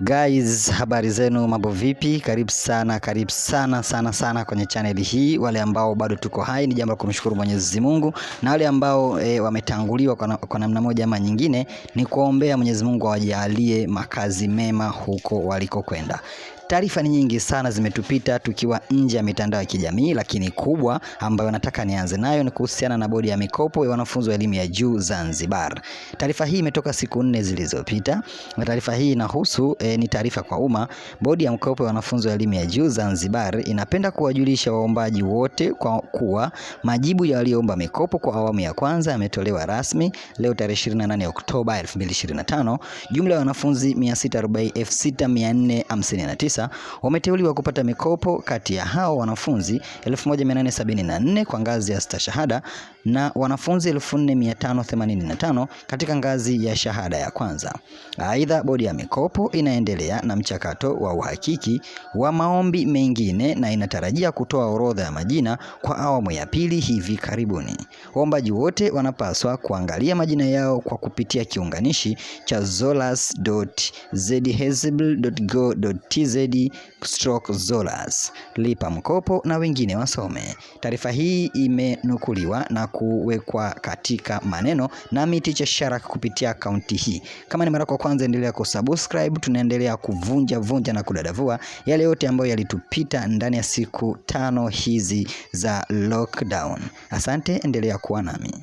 Guys, habari zenu, mambo vipi? Karibu sana, karibu sana sana sana kwenye chaneli hii. Wale ambao bado tuko hai ni jambo la kumshukuru Mwenyezi Mungu, na wale ambao e, wametanguliwa kwa, kwa namna moja ama nyingine ni kuombea Mwenyezi Mungu awajalie makazi mema huko walikokwenda. Taarifa ni nyingi sana zimetupita tukiwa nje ya mitandao ya kijamii, lakini kubwa ambayo nataka nianze nayo ni kuhusiana na bodi ya mikopo ya wanafunzi wa elimu ya juu Zanzibar. Taarifa hii imetoka siku nne zilizopita, na taarifa hii inahusu e, ni taarifa kwa umma. Bodi ya mkopo ya wanafunzi wa elimu ya juu Zanzibar inapenda kuwajulisha waombaji wote kwa kuwa majibu ya walioomba mikopo kwa awamu ya kwanza yametolewa rasmi leo tarehe 28 Oktoba 2025. Jumla ya wanafunzi 640,6459 wameteuliwa kupata mikopo. Kati ya hao wanafunzi 1874 kwa ngazi ya stashahada na wanafunzi 4585 katika ngazi ya shahada ya kwanza. Aidha, bodi ya mikopo ina inaendelea na mchakato wa uhakiki wa maombi mengine na inatarajia kutoa orodha ya majina kwa awamu ya pili hivi karibuni. Waombaji wote wanapaswa kuangalia majina yao kwa kupitia kiunganishi cha zolas.zhezibl.go.tz/zolas. E Lipa mkopo na wengine wasome. Taarifa hii imenukuliwa na kuwekwa katika maneno na miti cha Sharak kupitia akaunti hii. Kama ni mara kwa kwanza, endelea kusubscribe. Tunaenda tunaendelea kuvunja vunja na kudadavua yale yote ambayo yalitupita ndani ya siku tano hizi za lockdown. Asante, endelea kuwa nami.